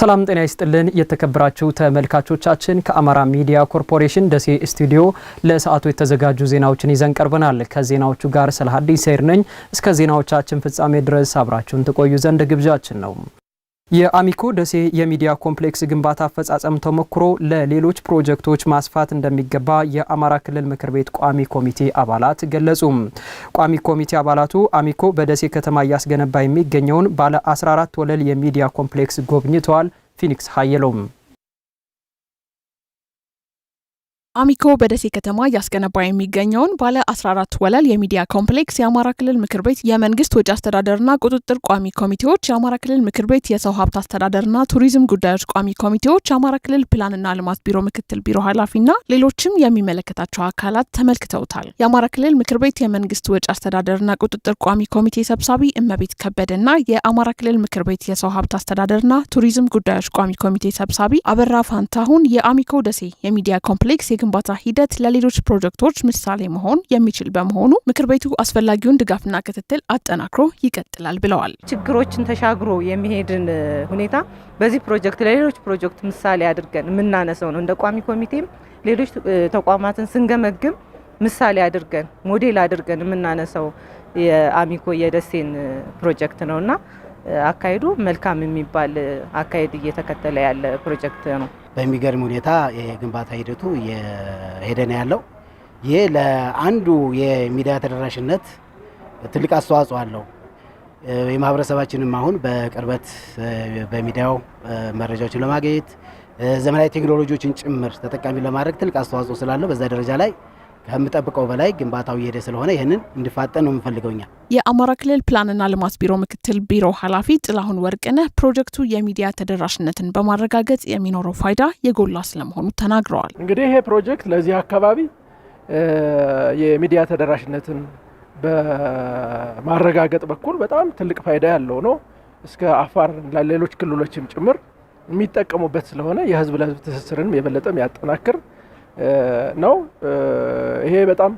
ሰላም ጤና ይስጥልን። የተከበራችሁ ተመልካቾቻችን ከአማራ ሚዲያ ኮርፖሬሽን ደሴ ስቱዲዮ ለሰዓቱ የተዘጋጁ ዜናዎችን ይዘን ቀርበናል። ከዜናዎቹ ጋር ስለ ሀዲስ ሰይር ነኝ። እስከ ዜናዎቻችን ፍጻሜ ድረስ አብራችሁን ትቆዩ ዘንድ ግብዣችን ነው። የአሚኮ ደሴ የሚዲያ ኮምፕሌክስ ግንባታ አፈጻጸም ተሞክሮ ለሌሎች ፕሮጀክቶች ማስፋት እንደሚገባ የአማራ ክልል ምክር ቤት ቋሚ ኮሚቴ አባላት ገለጹ። ቋሚ ኮሚቴ አባላቱ አሚኮ በደሴ ከተማ እያስገነባ የሚገኘውን ባለ 14 ወለል የሚዲያ ኮምፕሌክስ ጎብኝተዋል። ፊኒክስ ሀየሎም አሚኮ በደሴ ከተማ እያስገነባ የሚገኘውን ባለ 14 ወለል የሚዲያ ኮምፕሌክስ የአማራ ክልል ምክር ቤት የመንግስት ወጪ አስተዳደርና ቁጥጥር ቋሚ ኮሚቴዎች፣ የአማራ ክልል ምክር ቤት የሰው ሀብት አስተዳደርና ቱሪዝም ጉዳዮች ቋሚ ኮሚቴዎች፣ የአማራ ክልል ፕላንና ልማት ቢሮ ምክትል ቢሮ ኃላፊና ሌሎችም የሚመለከታቸው አካላት ተመልክተውታል። የአማራ ክልል ምክር ቤት የመንግስት ወጪ አስተዳደርና ቁጥጥር ቋሚ ኮሚቴ ሰብሳቢ እመቤት ከበደና የአማራ ክልል ምክር ቤት የሰው ሀብት አስተዳደርና ቱሪዝም ጉዳዮች ቋሚ ኮሚቴ ሰብሳቢ አበራ ፋንታሁን የአሚኮ ደሴ የሚዲያ ኮምፕሌክስ የግንባታ ሂደት ለሌሎች ፕሮጀክቶች ምሳሌ መሆን የሚችል በመሆኑ ምክር ቤቱ አስፈላጊውን ድጋፍና ክትትል አጠናክሮ ይቀጥላል ብለዋል። ችግሮችን ተሻግሮ የሚሄድን ሁኔታ በዚህ ፕሮጀክት ለሌሎች ፕሮጀክት ምሳሌ አድርገን የምናነሰው ነው። እንደ ቋሚ ኮሚቴም ሌሎች ተቋማትን ስንገመግም ምሳሌ አድርገን ሞዴል አድርገን የምናነሰው የአሚኮ የደሴን ፕሮጀክት ነውና አካሄዱ መልካም የሚባል አካሄድ እየተከተለ ያለ ፕሮጀክት ነው። በሚገርም ሁኔታ የግንባታ ሂደቱ እየሄደ ነው ያለው። ይህ ለአንዱ የሚዲያ ተደራሽነት ትልቅ አስተዋጽኦ አለው። የማህበረሰባችንም አሁን በቅርበት በሚዲያው መረጃዎችን ለማግኘት ዘመናዊ ቴክኖሎጂዎችን ጭምር ተጠቃሚ ለማድረግ ትልቅ አስተዋጽኦ ስላለው በዛ ደረጃ ላይ ከምጠብቀው በላይ ግንባታው እየሄደ ስለሆነ ይህንን እንድፋጠን ነው የምንፈልገው እኛ። የአማራ ክልል ፕላንና ልማት ቢሮ ምክትል ቢሮ ኃላፊ ጥላሁን ወርቅነህ ፕሮጀክቱ የሚዲያ ተደራሽነትን በማረጋገጥ የሚኖረው ፋይዳ የጎላ ስለመሆኑ ተናግረዋል። እንግዲህ ይሄ ፕሮጀክት ለዚህ አካባቢ የሚዲያ ተደራሽነትን በማረጋገጥ በኩል በጣም ትልቅ ፋይዳ ያለው ነው። እስከ አፋር ለሌሎች ክልሎችም ጭምር የሚጠቀሙበት ስለሆነ የህዝብ ለህዝብ ትስስርንም የበለጠ ያጠናክር ነው። ይሄ በጣም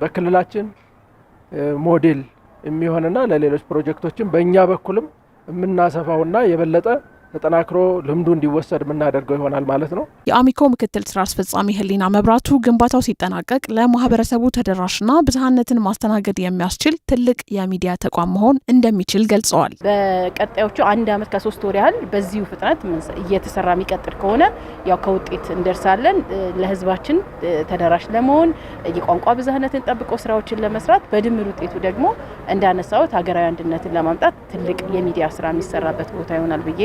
በክልላችን ሞዴል የሚሆንና ለሌሎች ፕሮጀክቶችን በእኛ በኩልም የምናሰፋውና የበለጠ ተጠናክሮ ልምዱ እንዲወሰድ የምናደርገው ይሆናል ማለት ነው። የአሚኮ ምክትል ስራ አስፈጻሚ ህሊና መብራቱ ግንባታው ሲጠናቀቅ ለማህበረሰቡ ተደራሽና ብዝሃነትን ማስተናገድ የሚያስችል ትልቅ የሚዲያ ተቋም መሆን እንደሚችል ገልጸዋል። በቀጣዮቹ አንድ አመት ከሶስት ወር ያህል በዚሁ ፍጥነት እየተሰራ የሚቀጥል ከሆነ ያው ከውጤት እንደርሳለን። ለህዝባችን ተደራሽ ለመሆን የቋንቋ ብዝሀነትን ጠብቆ ስራዎችን ለመስራት በድምር ውጤቱ ደግሞ እንዳነሳሁት ሀገራዊ አንድነትን ለማምጣት ትልቅ የሚዲያ ስራ የሚሰራበት ቦታ ይሆናል ብዬ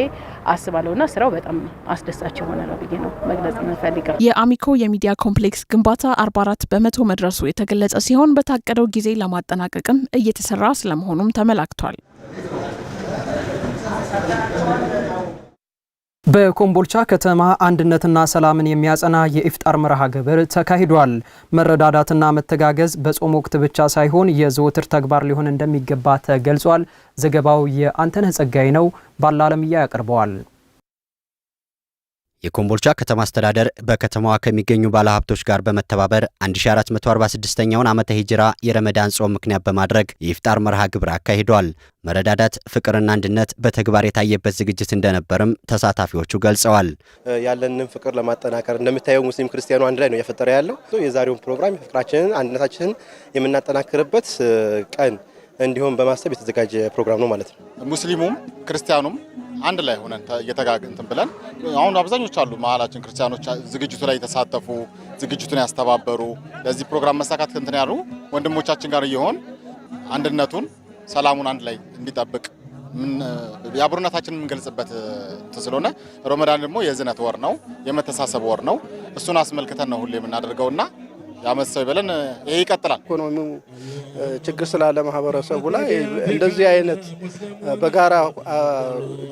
ና ስራው በጣም አስደሳች የሆነ ነው ብዬ ነው መግለጽ የምንፈልገው። የአሚኮ የሚዲያ ኮምፕሌክስ ግንባታ 44 በመቶ መድረሱ የተገለጸ ሲሆን በታቀደው ጊዜ ለማጠናቀቅም እየተሰራ ስለመሆኑም ተመላክቷል። በኮምቦልቻ ከተማ አንድነትና ሰላምን የሚያጸና የኢፍጣር መርሃ ግብር ተካሂዷል። መረዳዳትና መተጋገዝ በጾም ወቅት ብቻ ሳይሆን የዘወትር ተግባር ሊሆን እንደሚገባ ተገልጿል። ዘገባው የአንተነህ ጸጋይ ነው። ባለአለምያ ያቀርበዋል። የኮምቦልቻ ከተማ አስተዳደር በከተማዋ ከሚገኙ ባለሀብቶች ጋር በመተባበር 1446ኛውን ዓመተ ሂጅራ የረመዳን ጾም ምክንያት በማድረግ የኢፍጣር መርሃ ግብር አካሂዷል። መረዳዳት፣ ፍቅርና አንድነት በተግባር የታየበት ዝግጅት እንደነበርም ተሳታፊዎቹ ገልጸዋል። ያለንን ፍቅር ለማጠናከር እንደምታየው ሙስሊም ክርስቲያኑ አንድ ላይ ነው እያፈጠረ ያለው። የዛሬውን ፕሮግራም የፍቅራችንን አንድነታችንን የምናጠናክርበት ቀን እንዲሆን በማሰብ የተዘጋጀ ፕሮግራም ነው ማለት ነው። ሙስሊሙም ክርስቲያኑም አንድ ላይ ሆነን እየተጋግንትን ብለን አሁን አብዛኞች አሉ መሀላችን ክርስቲያኖች ዝግጅቱ ላይ የተሳተፉ ዝግጅቱን ያስተባበሩ ለዚህ ፕሮግራም መሳካት እንትን ያሉ ወንድሞቻችን ጋር እየሆን አንድነቱን፣ ሰላሙን አንድ ላይ እንዲጠብቅ የአብሮነታችንን የምንገልጽበት ስለሆነ ሮመዳን ደግሞ የዝነት ወር ነው፣ የመተሳሰብ ወር ነው። እሱን አስመልክተን ነው ሁሌ የምናደርገውና ያመሰው ይበለን። ይሄ ይቀጥላል። ኢኮኖሚው ችግር ስላለ ማህበረሰቡ ላይ እንደዚህ አይነት በጋራ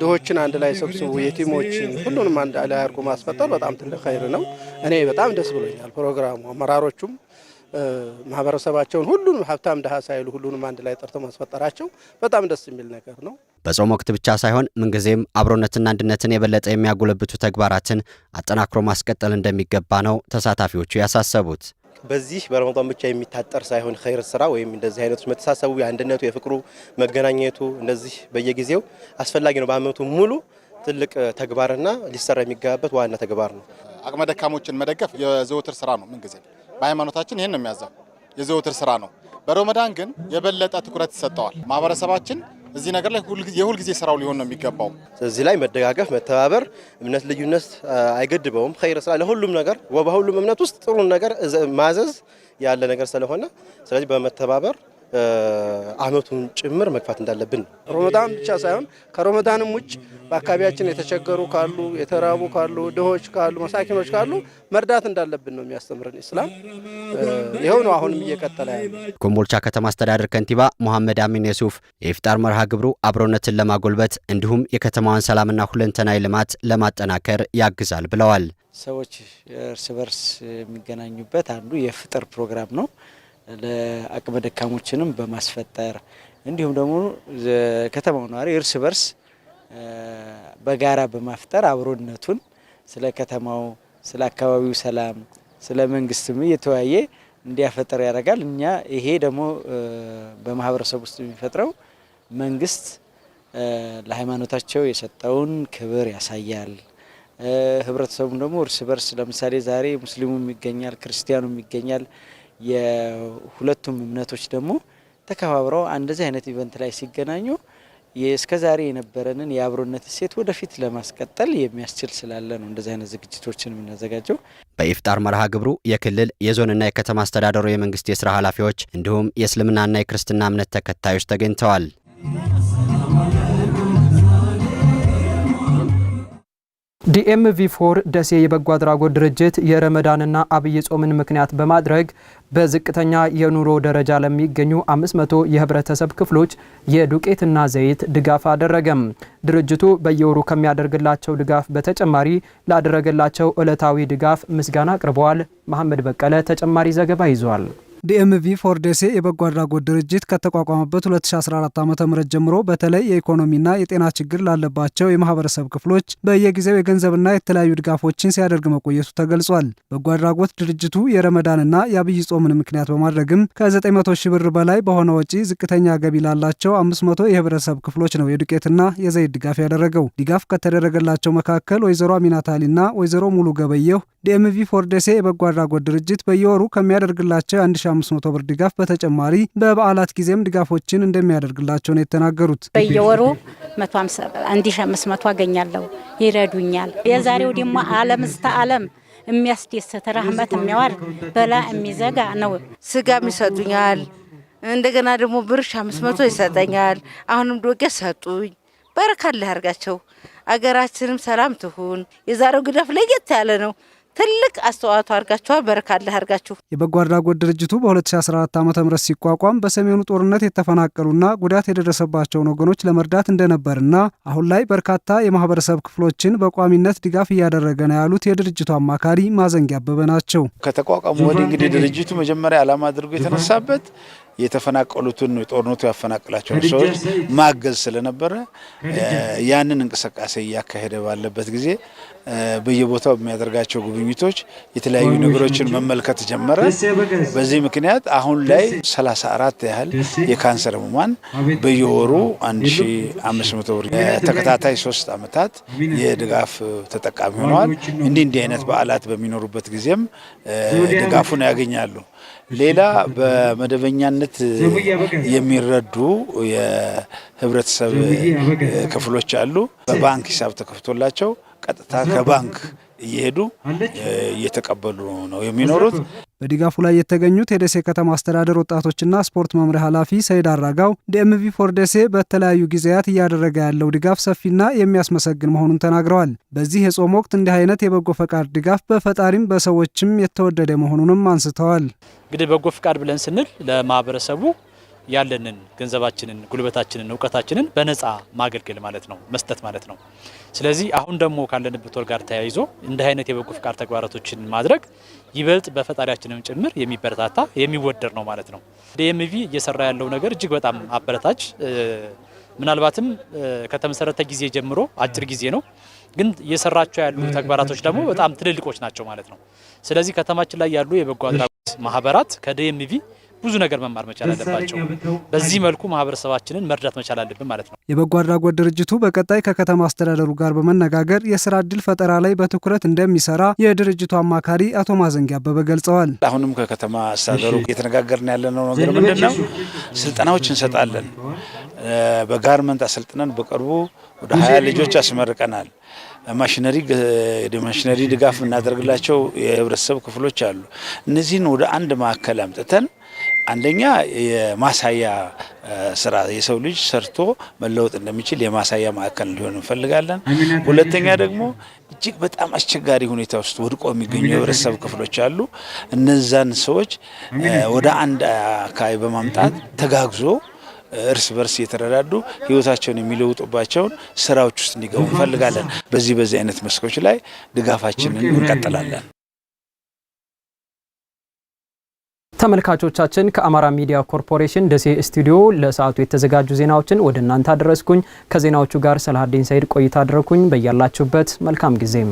ድሆችን አንድ ላይ ሰብስቡ የቲሞችን ሁሉንም አንድ ላይ አድርጎ ማስፈጠር በጣም ትልቅ ኸይር ነው። እኔ በጣም ደስ ብሎኛል ፕሮግራሙ አመራሮቹም ማህበረሰባቸውን ሁሉንም ሀብታም ድሃ ሳይሉ ሁሉንም አንድ ላይ ጠርቶ ማስፈጠራቸው በጣም ደስ የሚል ነገር ነው። በጾም ወቅት ብቻ ሳይሆን ምንጊዜም አብሮነትና አንድነትን የበለጠ የሚያጎለብቱ ተግባራትን አጠናክሮ ማስቀጠል እንደሚገባ ነው ተሳታፊዎቹ ያሳሰቡት። በዚህ በረመዳን ብቻ የሚታጠር ሳይሆን ኸይር ስራ ወይም እንደዚህ አይነቶች መተሳሰቡ፣ የአንድነቱ፣ የፍቅሩ መገናኘቱ እንደዚህ በየጊዜው አስፈላጊ ነው። በአመቱ ሙሉ ትልቅ ተግባርና ሊሰራ የሚገባበት ዋና ተግባር ነው። አቅመ ደካሞችን መደገፍ የዘወትር ስራ ነው። ምንጊዜ በሃይማኖታችን ይህን ነው የሚያዘው፣ የዘወትር ስራ ነው። በረመዳን ግን የበለጠ ትኩረት ይሰጠዋል ማህበረሰባችን እዚህ ነገር ላይ የሁልጊዜ ስራው ሊሆን ነው የሚገባው። እዚህ ላይ መደጋገፍ፣ መተባበር፣ እምነት ልዩነት አይገድበውም። ኸይር ስራ ለሁሉም ነገር በሁሉም እምነት ውስጥ ጥሩን ነገር ማዘዝ ያለ ነገር ስለሆነ ስለዚህ በመተባበር አመቱን ጭምር መግፋት እንዳለብን ሮመዳን ብቻ ሳይሆን ከሮመዳንም ውጭ በአካባቢያችን የተቸገሩ ካሉ፣ የተራቡ ካሉ፣ ድሆች ካሉ፣ መሳኪኖች ካሉ መርዳት እንዳለብን ነው የሚያስተምርን ኢስላም። ይኸው ነው አሁንም እየቀጠለ ያለ። ኮምቦልቻ ከተማ አስተዳደር ከንቲባ ሙሐመድ አሚን የሱፍ የኢፍጣር መርሃ ግብሩ አብሮነትን ለማጎልበት እንዲሁም የከተማዋን ሰላምና ሁለንተናዊ ልማት ለማጠናከር ያግዛል ብለዋል። ሰዎች እርስ በርስ የሚገናኙበት አንዱ የፍጥር ፕሮግራም ነው። ለአቅመ ደካሞችንም በማስፈጠር እንዲሁም ደግሞ ከተማው ነዋሪ እርስ በርስ በጋራ በማፍጠር አብሮነቱን ስለ ከተማው፣ ስለ አካባቢው ሰላም፣ ስለ መንግስትም እየተወያየ እንዲያፈጠር ያደርጋል። እኛ ይሄ ደግሞ በማህበረሰብ ውስጥ የሚፈጥረው መንግስት ለሃይማኖታቸው የሰጠውን ክብር ያሳያል። ህብረተሰቡም ደግሞ እርስ በርስ ለምሳሌ ዛሬ ሙስሊሙም ይገኛል፣ ክርስቲያኑም ይገኛል። የሁለቱም እምነቶች ደግሞ ተከባብረው እንደዚህ አይነት ኢቨንት ላይ ሲገናኙ እስከ ዛሬ የነበረንን የአብሮነት እሴት ወደፊት ለማስቀጠል የሚያስችል ስላለ ነው እንደዚህ አይነት ዝግጅቶችን የምናዘጋጀው። በኢፍጣር መርሃ ግብሩ የክልል የዞንና የከተማ አስተዳደሩ የመንግስት የስራ ኃላፊዎች እንዲሁም የእስልምናና የክርስትና እምነት ተከታዮች ተገኝተዋል። ዲኤምቪ ፎር ደሴ የበጎ አድራጎት ድርጅት የረመዳንና አብይ ጾምን ምክንያት በማድረግ በዝቅተኛ የኑሮ ደረጃ ለሚገኙ 500 የህብረተሰብ ክፍሎች የዱቄትና ዘይት ድጋፍ አደረገም። ድርጅቱ በየወሩ ከሚያደርግላቸው ድጋፍ በተጨማሪ ላደረገላቸው ዕለታዊ ድጋፍ ምስጋና አቅርበዋል። መሐመድ በቀለ ተጨማሪ ዘገባ ይዟል። ዲኤምቪ ፎርደሴ የበጎ አድራጎት ድርጅት ከተቋቋመበት 2014 ዓ ም ጀምሮ በተለይ የኢኮኖሚና የጤና ችግር ላለባቸው የማህበረሰብ ክፍሎች በየጊዜው የገንዘብና የተለያዩ ድጋፎችን ሲያደርግ መቆየቱ ተገልጿል። በጎ አድራጎት ድርጅቱ የረመዳንና የአብይ ጾምን ምክንያት በማድረግም ከ900 ሺ ብር በላይ በሆነ ወጪ ዝቅተኛ ገቢ ላላቸው 500 የህብረተሰብ ክፍሎች ነው የዱቄትና የዘይት ድጋፍ ያደረገው። ድጋፍ ከተደረገላቸው መካከል ወይዘሮ አሚናታሊና ወይዘሮ ሙሉ ገበየሁ ዲኤምቪ ፎር የበጎ አድራጎት ድርጅት በየወሩ ከሚያደርግላቸው የ ብር ድጋፍ በተጨማሪ በበዓላት ጊዜም ድጋፎችን እንደሚያደርግላቸው ነው የተናገሩት። በየወሩ 1500 አገኛለሁ፣ ይረዱኛል። የዛሬው ደግሞ አለም እስተ አለም የሚያስደስት ረህመት የሚያዋር በላ የሚዘጋ ነው። ስጋም ይሰጡኛል። እንደገና ደግሞ ብር 500 ይሰጠኛል። አሁንም ዶቄ ሰጡኝ። በረካ ላያርጋቸው አገራችንም ሰላም ትሁን። የዛሬው ግዳፍ ለየት ያለ ነው። ትልቅ አስተዋጽኦ አድርጋችኋል። በረካለህ አድርጋችሁ። የበጎ አድራጎት ድርጅቱ በ2014 ዓ ም ሲቋቋም በሰሜኑ ጦርነት የተፈናቀሉና ጉዳት የደረሰባቸውን ወገኖች ለመርዳት እንደነበርና አሁን ላይ በርካታ የማህበረሰብ ክፍሎችን በቋሚነት ድጋፍ እያደረገ ነው ያሉት የድርጅቱ አማካሪ ማዘንጊያ አበበ ናቸው። ከተቋቋሙ ወዲህ እንግዲህ ድርጅቱ መጀመሪያ ዓላማ አድርጎ የተነሳበት የተፈናቀሉትን ጦርነቱ ያፈናቅላቸውን ሰዎች ማገዝ ስለነበረ ያንን እንቅስቃሴ እያካሄደ ባለበት ጊዜ በየቦታው በሚያደርጋቸው ጉብኝቶች የተለያዩ ነገሮችን መመልከት ጀመረ። በዚህ ምክንያት አሁን ላይ 34 ያህል የካንሰር ህሙማን በየወሩ 1500 ብር ተከታታይ ሶስት ዓመታት የድጋፍ ተጠቃሚ ሆነዋል። እንዲህ እንዲህ አይነት በዓላት በሚኖሩበት ጊዜም ድጋፉን ያገኛሉ። ሌላ በመደበኛነት በዋናነት የሚረዱ የህብረተሰብ ክፍሎች አሉ። በባንክ ሂሳብ ተከፍቶላቸው ቀጥታ ከባንክ እየሄዱ እየተቀበሉ ነው የሚኖሩት። በድጋፉ ላይ የተገኙት የደሴ ከተማ አስተዳደር ወጣቶችና ስፖርት መምሪያ ኃላፊ ሰይድ አራጋው ዲኤምቪ ፎር ደሴ በተለያዩ ጊዜያት እያደረገ ያለው ድጋፍ ሰፊና የሚያስመሰግን መሆኑን ተናግረዋል። በዚህ የጾም ወቅት እንዲህ አይነት የበጎ ፈቃድ ድጋፍ በፈጣሪም በሰዎችም የተወደደ መሆኑንም አንስተዋል። እንግዲህ በጎ ፈቃድ ብለን ስንል ለማህበረሰቡ ያለንን ገንዘባችንን፣ ጉልበታችንን፣ እውቀታችንን በነፃ ማገልገል ማለት ነው፣ መስጠት ማለት ነው። ስለዚህ አሁን ደግሞ ካለንበት ወር ጋር ተያይዞ እንዲህ አይነት የበጎ ፍቃድ ተግባራቶችን ማድረግ ይበልጥ በፈጣሪያችንም ጭምር የሚበረታታ የሚወደድ ነው ማለት ነው። ዲኤምቪ እየሰራ ያለው ነገር እጅግ በጣም አበረታች ምናልባትም ከተመሰረተ ጊዜ ጀምሮ አጭር ጊዜ ነው፣ ግን እየሰራቸው ያሉ ተግባራቶች ደግሞ በጣም ትልልቆች ናቸው ማለት ነው። ስለዚህ ከተማችን ላይ ያሉ የበጎ አድራጎት ማህበራት ከዲኤምቪ ብዙ ነገር መማር መቻል አለባቸው። በዚህ መልኩ ማህበረሰባችንን መርዳት መቻል አለብን ማለት ነው። የበጎ አድራጎት ድርጅቱ በቀጣይ ከከተማ አስተዳደሩ ጋር በመነጋገር የስራ እድል ፈጠራ ላይ በትኩረት እንደሚሰራ የድርጅቱ አማካሪ አቶ ማዘንግ አበበ ገልጸዋል። አሁንም ከከተማ አስተዳደሩ እየተነጋገርን ያለነው ነገር ምንድን ነው? ስልጠናዎች እንሰጣለን። በጋርመንት አሰልጥነን በቅርቡ ወደ ሀያ ልጆች አስመርቀናል። ማሽነሪ ማሽነሪ ድጋፍ የምናደርግላቸው የህብረተሰብ ክፍሎች አሉ። እነዚህን ወደ አንድ ማዕከል አምጥተን አንደኛ የማሳያ ስራ የሰው ልጅ ሰርቶ መለወጥ እንደሚችል የማሳያ ማዕከል እንዲሆን እንፈልጋለን። ሁለተኛ ደግሞ እጅግ በጣም አስቸጋሪ ሁኔታ ውስጥ ወድቆ የሚገኙ የህብረተሰብ ክፍሎች አሉ። እነዛን ሰዎች ወደ አንድ አካባቢ በማምጣት ተጋግዞ እርስ በርስ እየተረዳዱ ህይወታቸውን የሚለውጡባቸውን ስራዎች ውስጥ እንዲገቡ እንፈልጋለን። በዚህ በዚህ አይነት መስኮች ላይ ድጋፋችንን እንቀጥላለን። ተመልካቾቻችን ከአማራ ሚዲያ ኮርፖሬሽን ደሴ ስቱዲዮ ለሰዓቱ የተዘጋጁ ዜናዎችን ወደ እናንተ አደረስኩኝ። ከዜናዎቹ ጋር ሰላሀዲን ሰይድ ቆይታ አደረኩኝ። በያላችሁበት መልካም ጊዜም